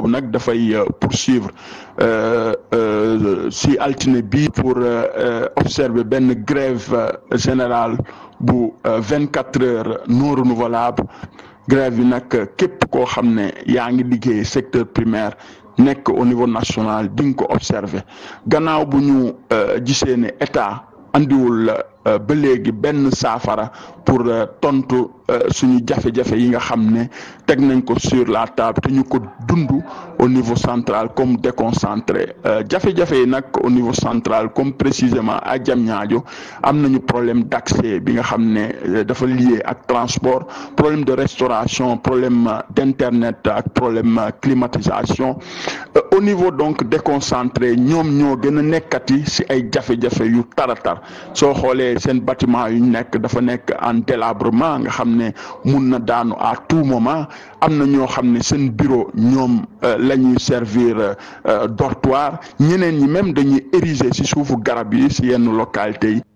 boobu nag dafay euh, poursuivre euh, euh, si altine bi pour observer benn grève générale bu vingt quatre heures non renouvelable grève bi nag képp koo xam ne yaa ngi liggéey secteur primaire nekk au niveau national di nga ko observer gannaaw bu ñu gisee état. andiwul euh, ba léegi benn saafara pour euh, tontu euh, suñu jafe-jafe yi nga xam ne teg nañ ko sur la table te ko dund au niveau central comme déconcentré euh, jafe-jafe yi nag au niveau central comme précisément à Diamniadio am nañu problème d'accès bi nga xam ne euh, dafa lié ak transport problème de restauration problème euh, d'internet ak problème climatisation au niveau donc déconcentré ñoom ñoo gën a nekkati si ay jafe-jafe yu taratar soo xoolee seen bâtiment yu nekk dafa nekk en délabrement nga xam ne mun na daanu à tout moment am na ñoo xam ne seen bureau ñoom la ñuy servir euh, dortoir ñeneen ñi même dañuy ériger si suufu garab yi si yenn localité yi